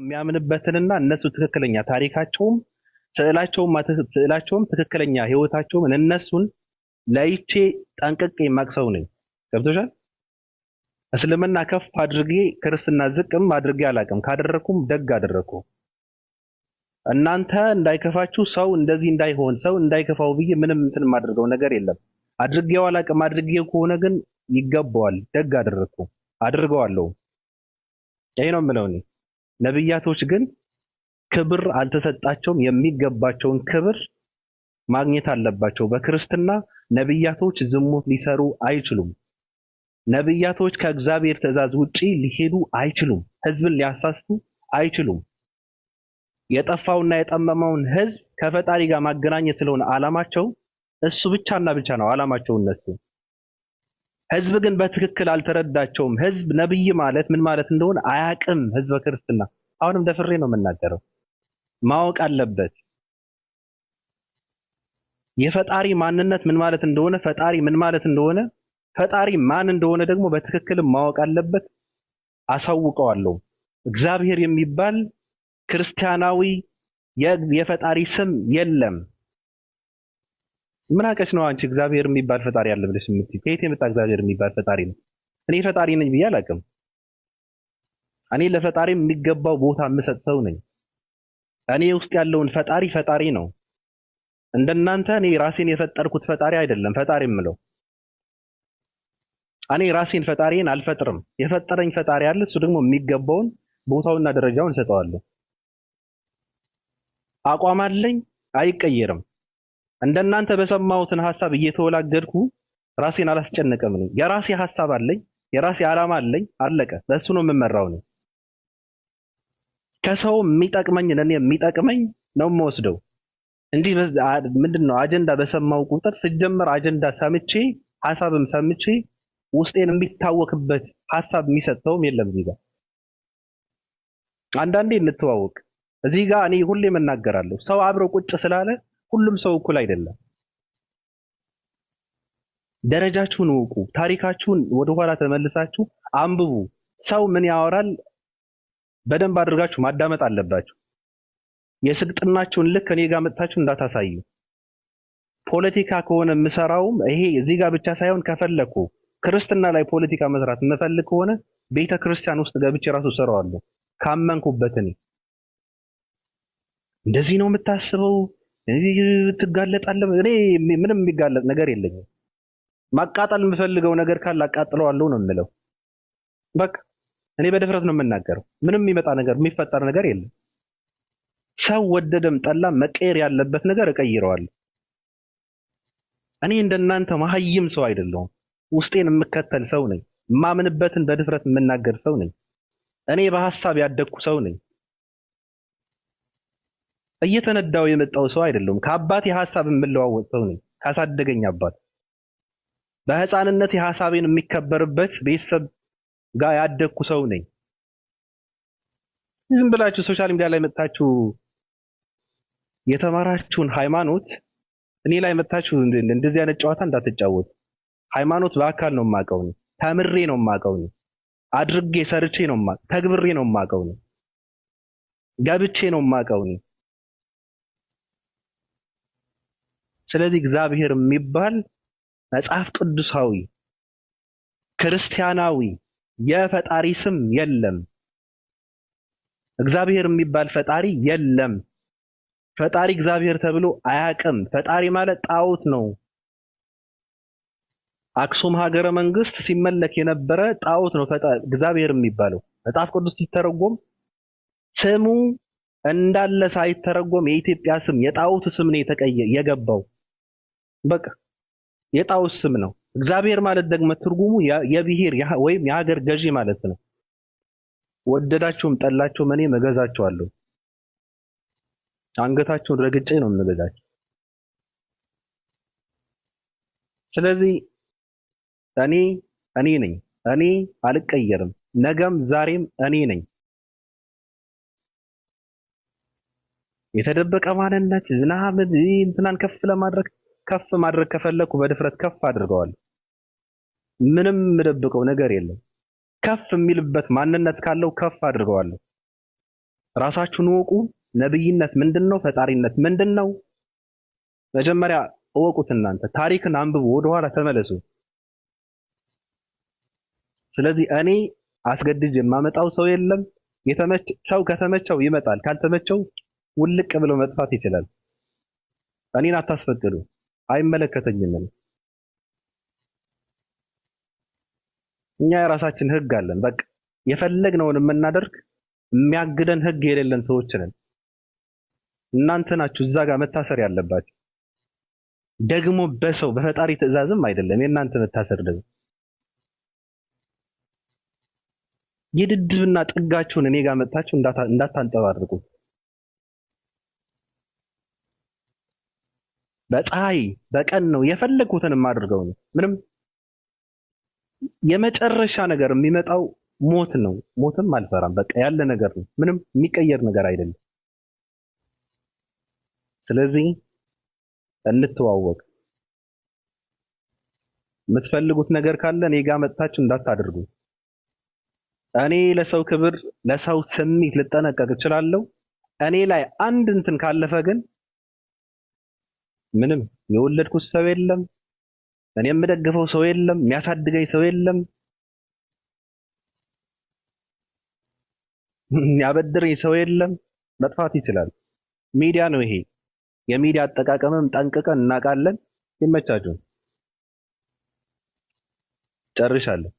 የሚያምንበትንና እነሱ ትክክለኛ ታሪካቸውም ስዕላቸውም ስዕላቸውም ትክክለኛ ህይወታቸውም እነሱን ለይቼ ጠንቅቄ ማቅሰው ነኝ። ገብቶሻል? እስልምና ከፍ አድርጌ ክርስትና ዝቅም አድርጌ አላቅም። ካደረኩም ደግ አደረኩ። እናንተ እንዳይከፋችሁ ሰው እንደዚህ እንዳይሆን ሰው እንዳይከፋው ብዬ ምንም እንትን የማደርገው ነገር የለም። አድርጌው አላቅም። አድርጌው ከሆነ ግን ይገባዋል። ደግ አደረኩ፣ አድርገዋለሁ። ይሄ ነው የምለው እኔ ነብያቶች ግን ክብር አልተሰጣቸውም። የሚገባቸውን ክብር ማግኘት አለባቸው። በክርስትና ነብያቶች ዝሙት ሊሰሩ አይችሉም። ነብያቶች ከእግዚአብሔር ትእዛዝ ውጪ ሊሄዱ አይችሉም። ህዝብን ሊያሳስቱ አይችሉም። የጠፋውና የጠመመውን ህዝብ ከፈጣሪ ጋር ማገናኘት ስለሆነ አላማቸው እሱ ብቻና ብቻ ነው አላማቸው እነሱ። ህዝብ ግን በትክክል አልተረዳቸውም። ህዝብ ነብይ ማለት ምን ማለት እንደሆነ አያቅም። ህዝበ ክርስትና አሁንም ደፍሬ ነው የምናገረው። ማወቅ አለበት የፈጣሪ ማንነት ምን ማለት እንደሆነ፣ ፈጣሪ ምን ማለት እንደሆነ፣ ፈጣሪ ማን እንደሆነ ደግሞ በትክክልም ማወቅ አለበት። አሳውቀዋለሁ። እግዚአብሔር የሚባል ክርስቲያናዊ የፈጣሪ ስም የለም። ምን አቀሽ ነው አንቺ? እግዚአብሔር የሚባል ፈጣሪ አለ ብለሽ የምትይ ከየት የመጣ እግዚአብሔር የሚባል ፈጣሪ ነው? እኔ ፈጣሪ ነኝ ብዬ አላውቅም። እኔ ለፈጣሪ የሚገባው ቦታ የምሰጥ ሰው ነኝ። እኔ ውስጥ ያለውን ፈጣሪ ፈጣሪ ነው። እንደናንተ እኔ ራሴን የፈጠርኩት ፈጣሪ አይደለም። ፈጣሪ የምለው እኔ ራሴን ፈጣሪን አልፈጥርም። የፈጠረኝ ፈጣሪ አለ። እሱ ደግሞ የሚገባውን ቦታውና ደረጃውን እሰጠዋለሁ። አቋም አለኝ፣ አይቀየርም። እንደናንተ በሰማሁትን ሀሳብ እየተወላገድኩ ራሴን አላስጨነቀም። የራሴ ሀሳብ አለኝ፣ የራሴ ዓላማ አለኝ። አለቀ። በእሱ ነው የምመራው ነው ከሰው የሚጠቅመኝ ለእኔ የሚጠቅመኝ ነው የምወስደው እንዲህ ምንድን ነው አጀንዳ በሰማው ቁጥር ስጀምር አጀንዳ ሰምቼ ሀሳብም ሰምቼ ውስጤን የሚታወክበት ሀሳብ የሚሰጠውም የለም። እዚህ ጋር አንዳንዴ እንተዋወቅ። እዚህ ጋር እኔ ሁሌም እናገራለሁ፣ ሰው አብረው ቁጭ ስላለ ሁሉም ሰው እኩል አይደለም። ደረጃችሁን እውቁ። ታሪካችሁን ወደኋላ ተመልሳችሁ አንብቡ። ሰው ምን ያወራል በደንብ አድርጋችሁ ማዳመጥ አለባችሁ። የስልጥናችሁን ልክ እኔ ጋር መጥታችሁ እንዳታሳዩ። ፖለቲካ ከሆነ የምሰራውም ይሄ እዚህ ጋር ብቻ ሳይሆን ከፈለኩ ክርስትና ላይ ፖለቲካ መስራት የምፈልግ ከሆነ ቤተ ክርስቲያን ውስጥ ገብቼ ራሱ እሰራዋለሁ ካመንኩበት። እኔ እንደዚህ ነው የምታስበው ትጋለጣለህ። እኔ ምንም የሚጋለጥ ነገር የለኝም። ማቃጠል የምፈልገው ነገር ካለ አቃጥለዋለሁ ነው የምለው በቃ እኔ በድፍረት ነው የምናገረው። ምንም የሚመጣ ነገር የሚፈጠር ነገር የለም። ሰው ወደደም ጠላም መቀየር ያለበት ነገር እቀይረዋለሁ። እኔ እንደናንተ መሀይም ሰው አይደለሁም። ውስጤን የምከተል ሰው ነኝ። የማምንበትን በድፍረት የምናገር ሰው ነኝ። እኔ በሀሳብ ያደግኩ ሰው ነኝ። እየተነዳው የመጣው ሰው አይደለሁም። ከአባቴ ሀሳብ የምለዋወጥ ሰው ነኝ። ካሳደገኝ አባት በህፃንነት የሀሳቤን የሚከበርበት ቤተሰብ ጋር ያደግኩ ሰው ነኝ። ዝም ብላችሁ ሶሻል ሚዲያ ላይ መጥታችሁ የተማራችሁን ሃይማኖት እኔ ላይ መጥታችሁ እንደዚህ አይነት ጨዋታ እንዳትጫወቱ። ሃይማኖት በአካል ነው የማውቀው ነው፣ ተምሬ ነው የማውቀው አድርጌ ሰርቼ ነው ተግብሬ ነው የማውቀው ገብቼ ነው የማውቀው ስለዚህ እግዚአብሔር የሚባል መጽሐፍ ቅዱሳዊ ክርስቲያናዊ የፈጣሪ ስም የለም። እግዚአብሔር የሚባል ፈጣሪ የለም። ፈጣሪ እግዚአብሔር ተብሎ አያቅም። ፈጣሪ ማለት ጣዖት ነው። አክሱም ሀገረ መንግስት ሲመለክ የነበረ ጣዖት ነው እግዚአብሔር የሚባለው። መጽሐፍ ቅዱስ ሲተረጎም ስሙ እንዳለ ሳይተረጎም የኢትዮጵያ ስም የጣዖት ስም ነው የገባው። በቃ የጣዖት ስም ነው። እግዚአብሔር ማለት ደግሞ ትርጉሙ የብሔር ወይም የሀገር ገዢ ማለት ነው። ወደዳቸውም ጠላቸውም እኔ እገዛቸዋለሁ። አንገታችሁን ረግጬ ነው የምገዛቸው። ስለዚህ እኔ እኔ ነኝ። እኔ አልቀየርም። ነገም ዛሬም እኔ ነኝ። የተደበቀ ማንነት ዝናብ እንትናን ከፍ ለማድረግ ከፍ ማድረግ ከፈለኩ በድፍረት ከፍ አድርገዋለሁ። ምንም የምደብቀው ነገር የለም። ከፍ የሚልበት ማንነት ካለው ከፍ አድርገዋለሁ። ራሳችሁን እወቁ። ነብይነት ምንድነው? ፈጣሪነት ምንድነው? መጀመሪያ እወቁት። እናንተ ታሪክን አንብቡ፣ ወደኋላ ተመለሱ። ስለዚህ እኔ አስገድጅ የማመጣው ሰው የለም። ሰው ከተመቸው ይመጣል፣ ካልተመቸው ውልቅ ብሎ መጥፋት ይችላል። እኔን አታስፈቅዱ፣ አይመለከተኝም። እኛ የራሳችን ህግ አለን። በቃ የፈለግነውን የምናደርግ የሚያግደን ህግ የሌለን ሰዎች ነን። እናንተ ናችሁ እዛ ጋር መታሰር ያለባችሁ። ደግሞ በሰው በፈጣሪ ትዕዛዝም አይደለም የእናንተ መታሰር። ደግሞ የድድብና ጥጋችሁን እኔ ጋር መጥታችሁ እንዳታንጸባርቁ። በፀሐይ በቀን ነው የፈለግኩትን የማደርገው ነው ምንም የመጨረሻ ነገር የሚመጣው ሞት ነው። ሞትም አልፈራም። በቃ ያለ ነገር ነው። ምንም የሚቀየር ነገር አይደለም። ስለዚህ እንተዋወቅ። የምትፈልጉት ነገር ካለ እኔ ጋር መጥታችሁ እንዳታደርጉ። እኔ ለሰው ክብር፣ ለሰው ስሜት ልጠነቀቅ እችላለሁ። እኔ ላይ አንድ እንትን ካለፈ ግን ምንም የወለድኩት ሰው የለም እኔ የምደግፈው ሰው የለም፣ የሚያሳድገኝ ሰው የለም፣ የሚያበድረኝ ሰው የለም። መጥፋት ይችላል። ሚዲያ ነው ይሄ። የሚዲያ አጠቃቀምም ጠንቅቀን እናውቃለን። ይመቻችሁ። ጨርሻለሁ።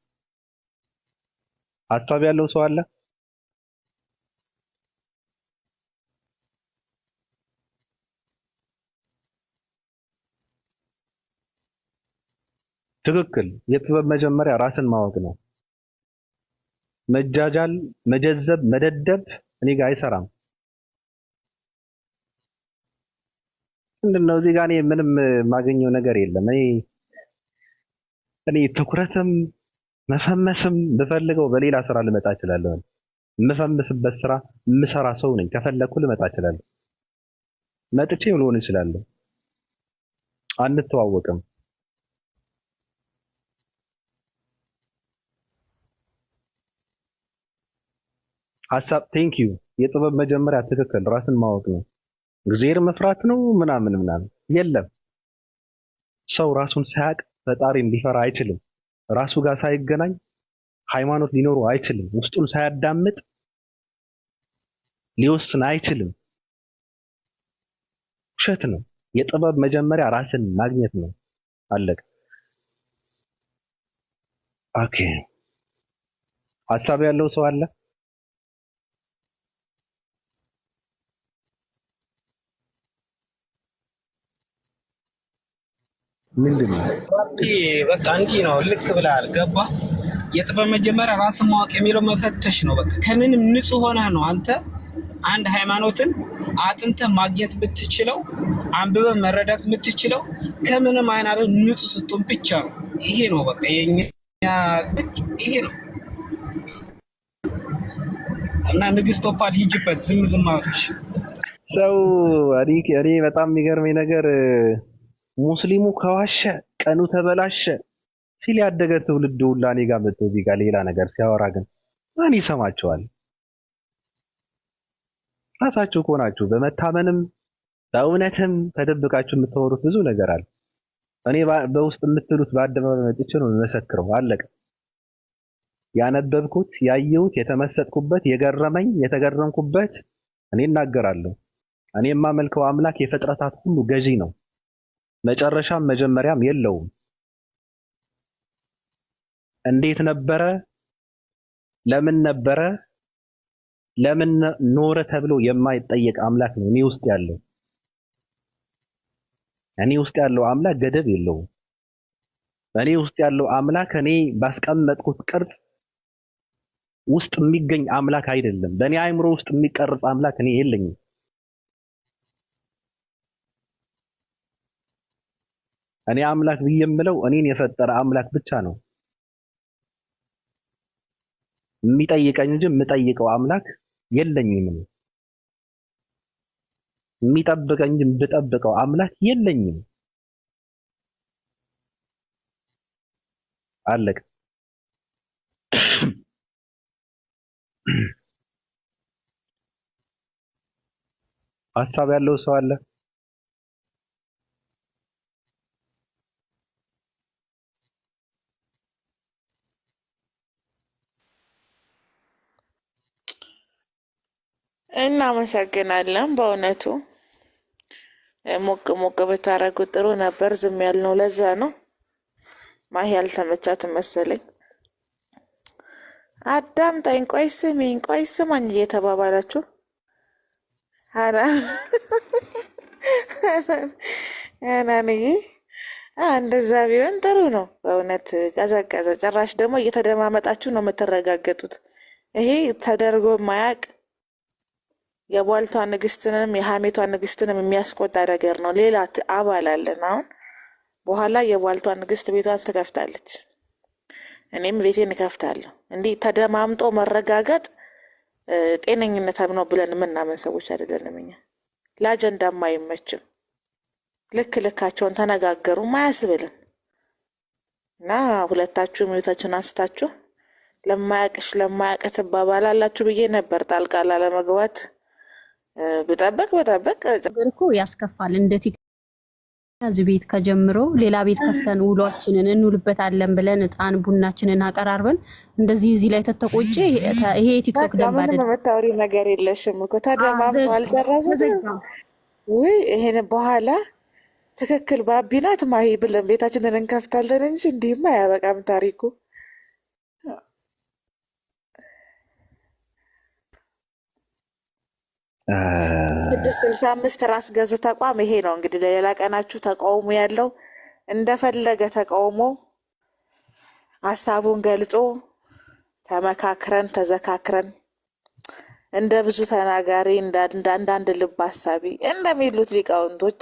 ሀሳብ ያለው ሰው አለ? ትክክል። የጥበብ መጀመሪያ ራስን ማወቅ ነው። መጃጃል፣ መጀዘብ፣ መደደብ እኔ ጋር አይሰራም። ምንድነው እዚህ ጋር እኔ ምንም የማገኘው ነገር የለም። እኔ እኔ ትኩረትም መፈመስም ብፈልገው በሌላ ስራ ልመጣ እችላለሁ። የምፈምስበት ስራ የምሰራ ሰው ነኝ። ከፈለግኩ ልመጣ እችላለሁ። መጥቼም ልሆን እችላለሁ። አንተዋወቅም። ሀሳብ ቴንክ ዩ የጥበብ መጀመሪያ ትክክል ራስን ማወቅ ነው። እግዚአብሔር መፍራት ነው ምናምን ምናምን የለም። ሰው ራሱን ሳያውቅ ፈጣሪን ሊፈራ አይችልም። ራሱ ጋር ሳይገናኝ ሃይማኖት ሊኖሩ አይችልም። ውስጡን ሳያዳምጥ ሊወስን አይችልም። ውሸት ነው። የጥበብ መጀመሪያ ራስን ማግኘት ነው። አለቅ ኦኬ። ሀሳብ ያለው ሰው አለ። ምንድን ነው በቃ እንዲህ ነው። ልክ ብለሃል። ገባ የጥበብ መጀመሪያ ራስን ማወቅ የሚለው መፈተሽ ነው። በቃ ከምንም ንጹህ ሆነህ ነው አንተ አንድ ሃይማኖትን አጥንተ ማግኘት የምትችለው አንብበ መረዳት የምትችለው ከምንም አይናለ ንጹህ ስትሆን ብቻ ነው። ይሄ ነው በቃ የኛ ይሄ ነው እና ንግስት ቶፓል ሂጅበት ዝም ዝም አለች ሰው እኔ በጣም የሚገርመኝ ነገር ሙስሊሙ ከዋሸ ቀኑ ተበላሸ ሲል ያደገ ትውልድ ሁላ እኔ ጋር መጥቶ እዚህ ጋር ሌላ ነገር ሲያወራ ግን ማን ይሰማቸዋል? ራሳችሁ ከሆናችሁ በመታመንም በእውነትም ተደብቃችሁ የምታወሩት ብዙ ነገር አለ። እኔ በውስጥ የምትሉት በአደባባይ መጥቼ ነው የምመሰክረው። አለቀ። ያነበብኩት፣ ያየሁት፣ የተመሰጥኩበት፣ የገረመኝ፣ የተገረምኩበት እኔ እናገራለሁ። እኔ የማመልከው አምላክ የፍጥረታት ሁሉ ገዢ ነው። መጨረሻም መጀመሪያም የለውም። እንዴት ነበረ፣ ለምን ነበረ፣ ለምን ኖረ ተብሎ የማይጠየቅ አምላክ ነው እኔ ውስጥ ያለው። እኔ ውስጥ ያለው አምላክ ገደብ የለውም። እኔ ውስጥ ያለው አምላክ እኔ ባስቀመጥኩት ቅርጽ ውስጥ የሚገኝ አምላክ አይደለም። በእኔ አእምሮ ውስጥ የሚቀርጽ አምላክ እኔ የለኝም። እኔ አምላክ ብዬ የምለው እኔን የፈጠረ አምላክ ብቻ ነው የሚጠይቀኝ እንጂ የምጠይቀው አምላክ የለኝም። ነው የሚጠብቀኝ እንጂ የምጠብቀው አምላክ የለኝም። አለቀ። ሀሳብ ያለው ሰው አለ። እናመሰግናለን። በእውነቱ ሞቅ ሞቅ ብታረጉት ጥሩ ነበር። ዝም ያልነው ለዛ ነው። ማሂ ያልተመቻት መሰለኝ። አዳምጠኝ፣ ቆይ ስሚኝ፣ ቆይ ስማኝ እየተባባላችሁ አናንዬ እንደዛ ቢሆን ጥሩ ነው። በእውነት ቀዘቀዘ። ጭራሽ ደግሞ እየተደማመጣችሁ ነው የምትረጋገጡት። ይሄ ተደርጎ ማያቅ የቧልቷ ንግስትንም የሀሜቷ ንግስትንም የሚያስቆጣ ነገር ነው። ሌላ አባል አለን። አሁን በኋላ የቧልቷ ንግስት ቤቷን ትከፍታለች፣ እኔም ቤቴን እከፍታለሁ። እንዲህ ተደማምጦ መረጋገጥ ጤነኝነት ነው ብለን የምናምን ሰዎች አይደለንም እኛ። ለአጀንዳም አይመችም። ልክ ልካቸውን ተነጋገሩም አያስብልም። እና ሁለታችሁ ሚዩታችሁን አንስታችሁ ለማያቅሽ ለማያቅ ትባባላላችሁ ብዬ ነበር ጣልቃላ ለመግባት። ብጠበቅ በጠበቅ እኮ ያስከፋል። እንደ እዚህ ቤት ከጀምሮ ሌላ ቤት ከፍተን ውሏችንን እንውልበታለን ብለን እጣን ቡናችንን አቀራርበን እንደዚህ እዚህ ላይ ተተቆጨ። ይሄ ቲክቶክ ደንብ አይደለም። የምታወሪ ነገር የለሽም እኮ ተደማምቶ አልደረሰም ወይ? ይሄን በኋላ ትክክል ባቢናት ማይ ብለን ቤታችንን እንከፍታለን እንጂ እንዲህማ አያበቃም ታሪኩ። ስድስት ስልሳ አምስት ራስ ገዝ ተቋም ይሄ ነው እንግዲህ ለሌላ ቀናችሁ ተቃውሞ ያለው እንደፈለገ ተቃውሞ ሀሳቡን ገልጾ ተመካክረን ተዘካክረን እንደ ብዙ ተናጋሪ እንደ ልብ ሀሳቢ እንደሚሉት ሊቃውንቶች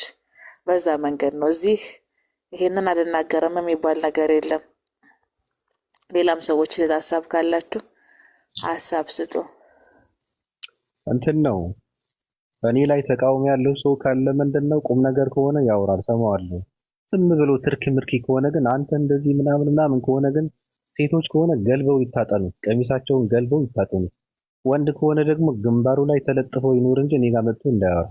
በዛ መንገድ ነው። እዚህ ይሄንን አልናገርም የሚባል ነገር የለም። ሌላም ሰዎች ሀሳብ ካላችሁ ሀሳብ ስጡ። እንትን ነው በእኔ ላይ ተቃውሞ ያለው ሰው ካለ ምንድን ነው ቁም ነገር ከሆነ ያወራል፣ ሰማዋለሁ። ዝም ብሎ ትርኪ ምርኪ ከሆነ ግን አንተ እንደዚህ ምናምን ምናምን ከሆነ ግን ሴቶች ከሆነ ገልበው ይታጠኑ፣ ቀሚሳቸውን ገልበው ይታጠኑ። ወንድ ከሆነ ደግሞ ግንባሩ ላይ ተለጥፈው ይኖር እንጂ እኔ ጋር መጥቶ እንዳያወራ።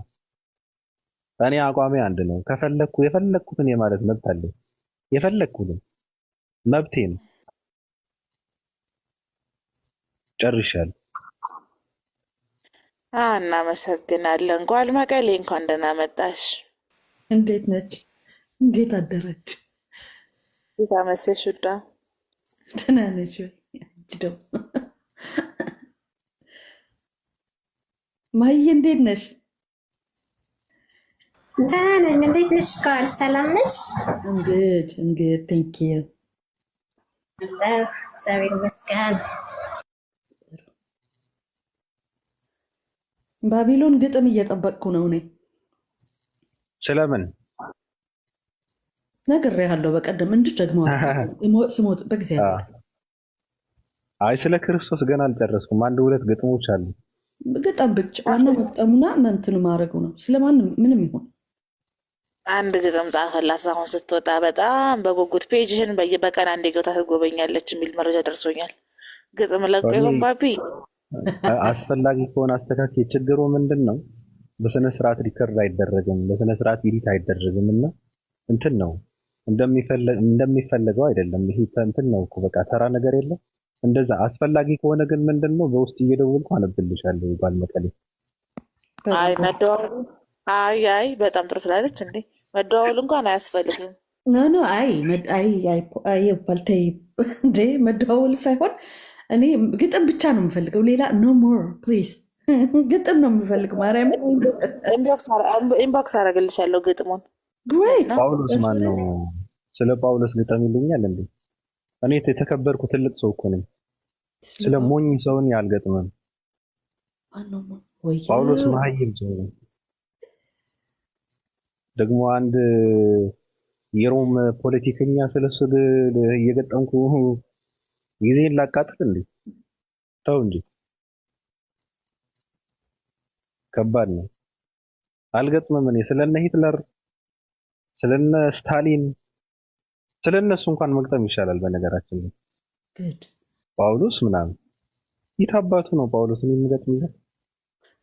እኔ አቋሚ አንድ ነው። ከፈለግኩ የፈለግኩትን የማለት መብት አለኝ። የፈለግኩትን መብቴ ነው። ጨርሻለሁ። እናመሰግናለን። ጓል መቀሌ እንኳን ደህና መጣሽ። እንዴት ነች? እንዴት አደረች? እንዴት አመሸሽ? ውዳ ደህና ነች? ደው ማየ እንዴት ነሽ? ደህና ነኝ። እንዴት ነሽ? ከዋል ሰላም ነሽ? እንግድ እንግድ ቴንኪዩ እግዚአብሔር ይመስገን። ባቢሎን ግጥም እየጠበቅኩ ነው እኔ። ስለምን ነገር ያለው በቀደም እንድ ደግሞ ስሞት በእግዚአብሔር አይ ስለ ክርስቶስ ገና አልጨረስኩም። አንድ ሁለት ግጥሞች አሉ። ግጠም ብቻ ዋናው መግጠሙና መንትን ማድረጉ ነው። ስለማንም ምንም ይሁን አንድ ግጥም ጻፈላት። አሁን ስትወጣ በጣም በጉጉት ፔጅህን በቀን አንዴ ገብታ ትጎበኛለች የሚል መረጃ ደርሶኛል። ግጥም ለቆ ይሆን ባቢ? አስፈላጊ ከሆነ አስተካክል። ችግሩ ምንድን ነው? በስነ ስርዓት ሪከርድ አይደረግም፣ በስነ ስርዓት ኢዲት አይደረግም እና እንትን ነው እንደሚፈለገው አይደለም። ይሄ እንትን ነው እኮ በቃ ተራ ነገር የለም። እንደዛ አስፈላጊ ከሆነ ግን ምንድን ነው በውስጥ እየደወልኩ አነብልሻለሁ። ባል መቀሌ አይ መደዋወሉ አይ አይ በጣም ጥሩ ስላለች እንዴ መደዋወሉ እንኳን አያስፈልግም። ኖ ኖ አይ አይ አይ ባልተይ እንዴ መደዋወሉ ሳይሆን እኔ ግጥም ብቻ ነው የምፈልገው። ሌላ ኖ ሞር ፕሊዝ፣ ግጥም ነው የምፈልግ። ማርያም ኢንቦክስ አደርግልሻለሁ ግጥሙን። ጳውሎስ ማን ነው? ስለ ጳውሎስ ግጥም ይልኛል እንዴ? እኔ የተከበርኩ ትልቅ ሰው እኮ ነኝ። ስለ ሞኝ ሰውን ያልገጥመም። ጳውሎስ መሀይም ሰው ነው። ደግሞ አንድ የሮም ፖለቲከኛ ስለሱ እየገጠምኩ ጊዜን ላቃጥል እንዴ? ተው እንጂ ከባድ ነው። አልገጥምም። እኔ ስለነ ሂትለር ስለነ ስታሊን ስለነሱ እንኳን መግጠም ይሻላል። በነገራችን ላይ ጳውሎስ ምናምን ይታባቱ ነው ጳውሎስን የሚገጥምለት።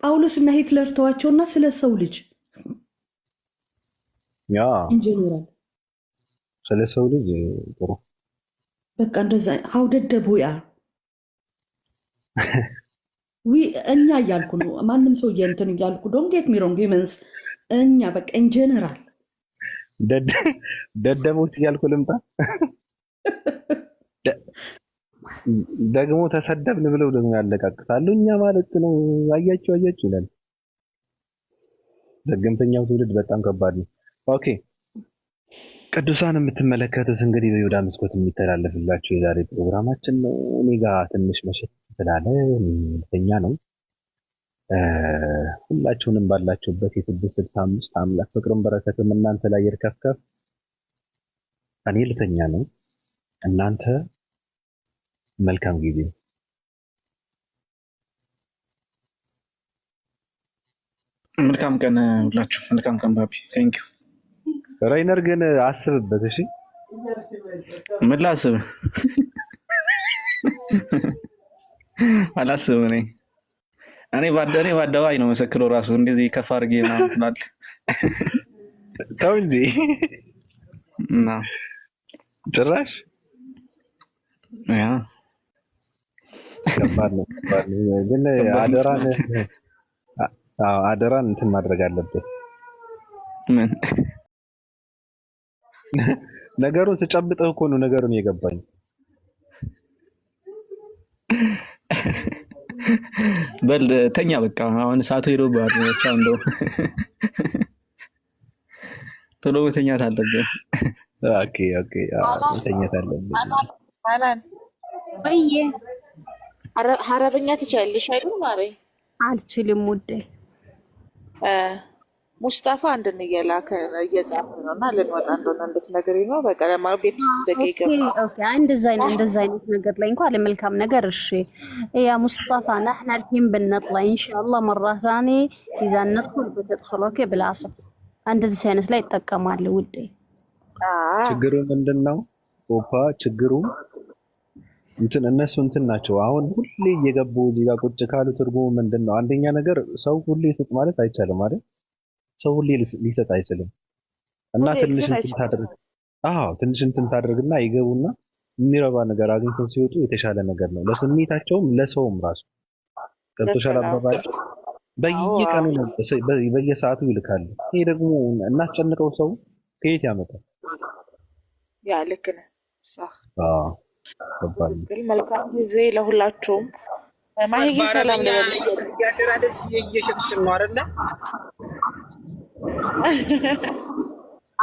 ጳውሎስ እና ሂትለር ተዋቸውና ስለ ሰው ልጅ ያ ኢንጂነራል ስለ ሰው ልጅ ጥሩ በቃ እንደዛ ሀው ደደብ ያ እኛ እያልኩ ነው። ማንም ሰው እየንትን እያልኩ ዶንት ጌት ሚ ሮንግ እኛ በቃ ኢንጀነራል ደደቦች እያልኩ ልምጣ። ደግሞ ተሰደብን ብለው ደግሞ ያለቃቅሳሉ። እኛ ማለት ነው አያቸው አያቸው ይላል። ደግምተኛው ትውልድ በጣም ከባድ ነው። ኦኬ ቅዱሳን የምትመለከቱት እንግዲህ በይሁዳ መስኮት የሚተላለፍላቸው የዛሬ ፕሮግራማችን ነው። እኔ ጋ ትንሽ መሸት ስላለ ተኛ ነው። ሁላችሁንም ባላችሁበት የስድስት ስልሳ አምስት አምላክ ፍቅርም በረከትም እናንተ ላይ ይርከፍከፍ። እኔ ልተኛ ነው። እናንተ መልካም ጊዜ መልካም ቀን ሁላችሁ መልካም ቀን ባቢ ዩ ራይነር ግን አስብበት። እሺ ምን ላስብ? አላስብም። እኔ እኔ ባደኔ በአደባባይ ነው መሰክረው ራሱ እንደዚህ ከፍ አድርጌ ምናምን ትላለህ። ተው እንጂ እና ጭራሽ ያ ግን አደራን አደራን እንትን ማድረግ አለበት ምን ነገሩን ስጨብጠው እኮ ነው ነገሩን የገባኝ። በል ተኛ በቃ አሁን ሰዓቱ ሄዶ ባርቻ እንደው ቶሎ መተኛት አለብህ። ኦኬ ኦኬ፣ መተኛት አለብህ። ወይ ሀረርኛ ትችያለሽ አይደል? ማሬ አልችልም ውዴ ሙስጣፋ አንድን እየላከ እየጻፈ ነው እና ልንወጣ እንደሆነ እንድትነግሪኝ ነው። በቃ ቤት እንደዛ አይነት ነገር ላይ እንኳ ለመልካም ነገር እሺ፣ ያ ሙስጣፋ ናሕና ልኪም ብነጥላ እንሻላ መራታኒ ታኒ ይዛ ነጥኩል ብትጥክሎኬ ብላሰ እንደዚህ አይነት ላይ ይጠቀማል። ውድ ችግሩ ምንድን ነው? ኦፓ ችግሩ እንትን እነሱ እንትን ናቸው። አሁን ሁሌ እየገቡ እዚህ ጋ ቁጭ ካሉ ትርጉሙ ምንድን ነው? አንደኛ ነገር ሰው ሁሌ ስጥ ማለት አይቻልም አይደል? ሰው ሁሌ ሊሰጥ አይችልም እና ትንሽ እንትን ታደርግ ትንሽ እንትን ታደርግና ይገቡና የሚረባ ነገር አግኝተው ሲወጡ የተሻለ ነገር ነው ለስሜታቸውም ለሰውም ራሱ ገብቶሻል አባባል በየቀኑ በየሰዓቱ ይልካሉ ይሄ ደግሞ እናስጨንቀው ሰው ከየት ያመጣል ያ ልክ ነህ መልካም ጊዜ ለሁላችሁም ማሄጌ ሰላም ነው እያደራደሽ ነው አይደለ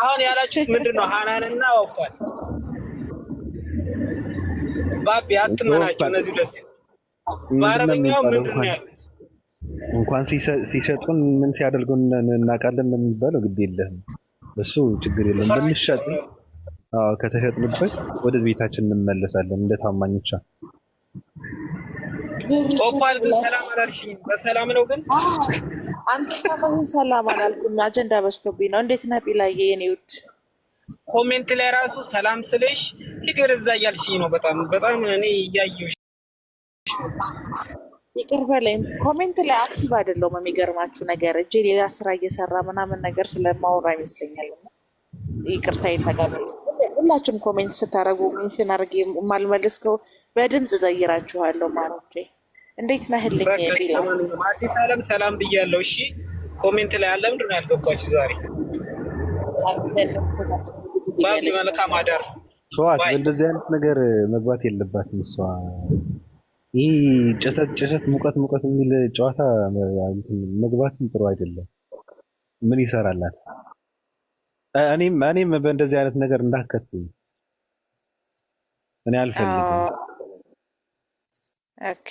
አሁን ያላችሁት ምንድን ነው? እና ወኳል ባቢ አትመናቸው። እነዚህ ደስ በአረበኛው ምንድን ነው ያሉት? እንኳን ሲሰጡን ምን ሲያደርጉን እናውቃለን ለሚባለው ግድ የለህም እሱ ችግር የለም። ብንሸጥ ከተሸጥንበት ወደ ቤታችን እንመለሳለን እንደ ታማኞቻ። ወኳል ግን ሰላም አላልሽኝም። በሰላም ነው ግን አንተን ሰላም አላልኩና አጀንዳ ነው። እንዴት ነህ ቢላዬ? የኔ ውድ ኮሜንት ላይ ራሱ ሰላም ስልሽ ይቅር እዛ እያልሽኝ ነው። በጣም በጣም እኔ እያየሁሽ ይቅር በለኝ። ኮሜንት ላይ አክቲቭ አይደለሁም። የሚገርማችሁ ነገር እጄ ሌላ ስራ እየሰራ ምናምን ነገር ስለማወራ ይመስለኛል። ይቅርታ ይተቀበሉ። ሁላችሁም ኮሜንት ስታደርጉ ሜንሽን አድርጌ የማልመልስ በድምፅ ዘይራችኋለሁ ማሮቼ እንዴት ነህልኝ? አዲስ አለም ሰላም ብያለው። እሺ ኮሜንት ላይ አለ። ምንድን ነው ያልገባችሁ ዛሬ? ባቢ መልካም አዳር። ሰዋት እንደዚህ አይነት ነገር መግባት የለባትም እሷ። ይህ ጭሰት ጭሰት፣ ሙቀት ሙቀት የሚል ጨዋታ መግባትም ጥሩ አይደለም። ምን ይሰራላት? እኔም እኔም በእንደዚህ አይነት ነገር እንዳከት እኔ አልፈልግም። ኦኬ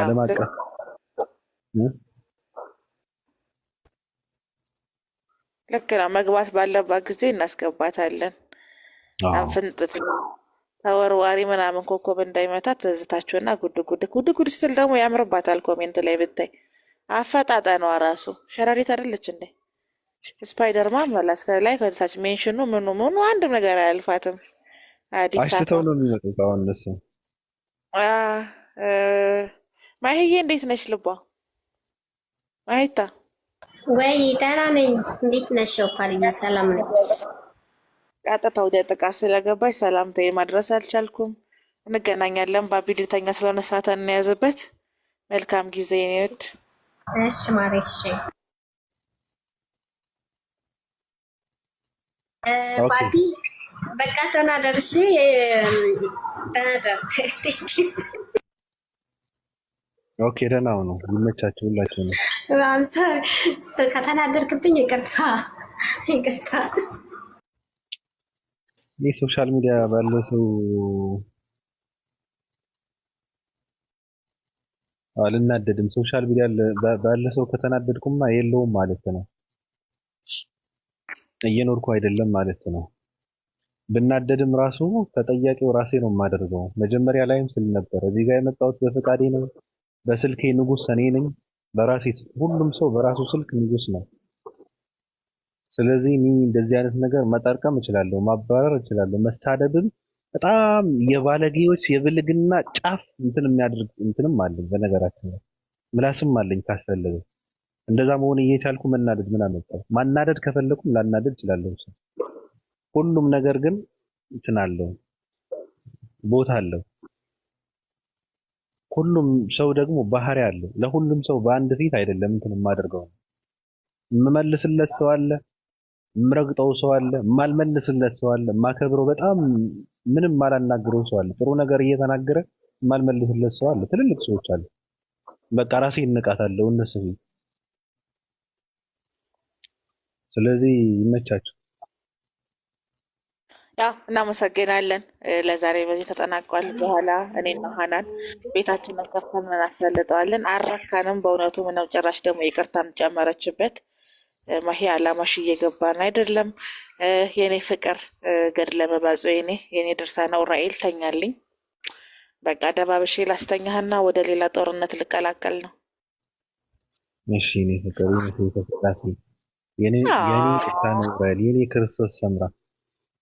ዓለም አቀፍ ልክ ነው። መግባት ባለባት ጊዜ እናስገባታለን። አንፍንጥት ተወርዋሪ ምናምን ኮኮብ እንዳይመታት ትዝታችሁና ጉድጉድ ጉድጉድ ስትል ደግሞ ያምርባታል። ኮሜንት ላይ ብታይ አፈጣጠኗ ራሱ ሸረሪት አይደለች እንዴ? ስፓይደርማን መላት ከላይ ከታች ሜንሽኑ ምኑ ምኑ አንድም ነገር አያልፋትም። አዲስ ነው የሚመጡት አሁን እነሱ ማሄዬ እንዴት ነሽ? ልቧ ማሄታ ወይ ደህና ነኝ። እንዴት ነሽ? ኳልኛ ሰላም ነኝ። ቀጥታ ወደ ጥቃት ስለገባች ሰላምታ ማድረስ አልቻልኩም። እንገናኛለን። ባቢ ልተኛ ስለሆነ ሰዓት እንያዝበት። መልካም ጊዜ ኔድ። እሺ ማሬ። ባቢ በቃ ደህና ደርሽ። ደህና ደር ኦኬ ደህና ነው። ይመቻቸው ሁላቸው ነው። ከተናደድክብኝ ይቅርታ ይቅርታ። ይህ ሶሻል ሚዲያ ባለው ሰው አልናደድም። ሶሻል ሚዲያ ባለ ሰው ከተናደድኩማ የለውም ማለት ነው፣ እየኖርኩ አይደለም ማለት ነው። ብናደድም ራሱ ተጠያቂው ራሴ ነው የማደርገው። መጀመሪያ ላይም ስል ነበር እዚህ ጋር የመጣሁት በፈቃዴ ነው በስልኬ ንጉስ እኔ ነኝ፣ በራሴ ሁሉም ሰው በራሱ ስልክ ንጉስ ነው። ስለዚህ እኔ እንደዚህ አይነት ነገር መጠርቀም እችላለሁ፣ ማባረር እችላለሁ። መሳደብም በጣም የባለጌዎች የብልግና ጫፍ እንትን የሚያደርግ እንትንም አለኝ፣ በነገራችን ላይ ምላስም አለኝ ካስፈለገ እንደዛ መሆን እየቻልኩ መናደድ ምን አመጣው? ማናደድ ከፈለኩም ላናደድ እችላለሁ። ሁሉም ነገር ግን እንትን አለው ቦታ አለው። ሁሉም ሰው ደግሞ ባህሪ አለው። ለሁሉም ሰው በአንድ ፊት አይደለም እንትን የማደርገው ነው። የምመልስለት ሰው አለ፣ የምረግጠው ሰው አለ፣ የማልመልስለት ሰው አለ፣ የማከብረው በጣም ምንም ማላናግረው ሰው አለ፣ ጥሩ ነገር እየተናገረ የማልመልስለት ሰው አለ። ትልልቅ ሰዎች አሉ። በቃ ራሴ እንቃታለሁ እነሱ። ስለዚህ ይመቻቸው። ያው እናመሰግናለን። ለዛሬ በዚህ ተጠናቋል። በኋላ እኔና ሀናን ቤታችንን ከፍተን እናሳልጠዋለን። አረካንም በእውነቱ ምነው ጭራሽ ደግሞ ይቅርታም ጨመረችበት። ማሄ አላማሽ እየገባን አይደለም። የእኔ ፍቅር ገድለ መባጽ የኔ የእኔ ድርሳነ ኡራኤል ተኛልኝ። በቃ ደባብሼ ላስተኛህና ወደ ሌላ ጦርነት ልቀላቀል ነው። እሺ የኔ ፍቅር የኔ ክርስቶስ ሰምራ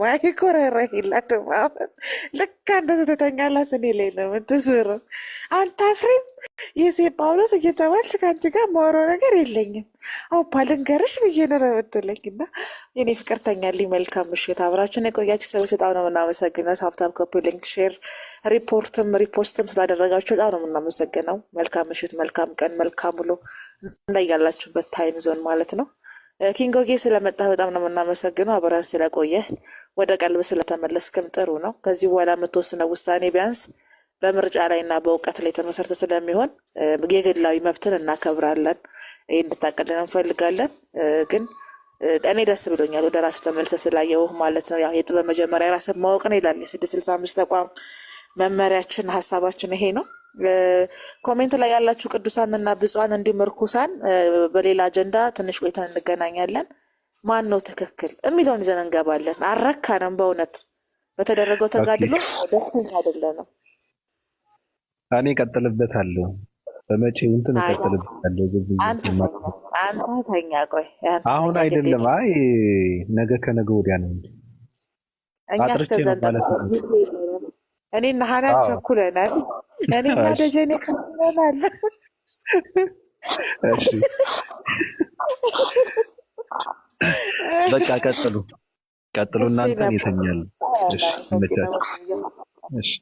ማይ ኮረረ የላትም። አሁን ልክ አንተ ስትተኛላት እኔ ላይ ነው የምትዞረው። አልታፍሪም የሴ ጳውሎስ እየተባልሽ ከአንቺ ጋር ማወራው ነገር የለኝም። አውፓ ልንገርሽ ብዬሽ ነው የምትለኝ። እና የኔ ፍቅር ተኛልኝ። መልካም ምሽት። አብራችን የቆያችሁ ሰዎች በጣም ነው የምናመሰግነው። ሀብታብ ኮፒ፣ ሊንክ፣ ሼር፣ ሪፖርትም ሪፖስትም ስላደረጋችሁ በጣም ነው የምናመሰግነው። መልካም ምሽት፣ መልካም ቀን፣ መልካም ውሎ እንዳያላችሁበት ታይም ዞን ማለት ነው። ኪንጎጌ ስለመጣህ በጣም ነው የምናመሰግነው። አብረን ስለቆየህ ወደ ቀልብ ስለተመለስክም ጥሩ ነው። ከዚህ በኋላ የምትወስነው ውሳኔ ቢያንስ በምርጫ ላይ እና በእውቀት ላይ ተመሰርተ ስለሚሆን የግላዊ መብትን እናከብራለን። ይህ እንድታቀልን እንፈልጋለን። ግን እኔ ደስ ብሎኛል ወደ ራስ ተመልሰ ስላየው ማለት ነው። ያው የጥበብ መጀመሪያ ራስን ማወቅ ነው ይላል የስድስት ስልሳ አምስት ተቋም መመሪያችን፣ ሀሳባችን ይሄ ነው። ኮሜንት ላይ ያላችሁ ቅዱሳን እና ብፁዓን እንዲሁም እርኩሳን በሌላ አጀንዳ ትንሽ ቆይተን እንገናኛለን። ማን ነው ትክክል የሚለውን ይዘን እንገባለን። አረካንም በእውነት በተደረገው ተጋድሎ ደስተኛ አይደለንም። እኔ እቀጥልበታለሁ፣ በመጪው እንትን እቀጥልበታለሁ። አንተ ተኛ ቆይ፣ አሁን አይደለም። አይ ነገ ከነገ ወዲያ ነው እንጂ እኛ እስከዛ እኔ እና ሀናን ቸኩለናል። እኔና ደጀኔ ከመናለ በቃ ቀጥሉ ቀጥሉ እናንተን ይተኛል። እሺ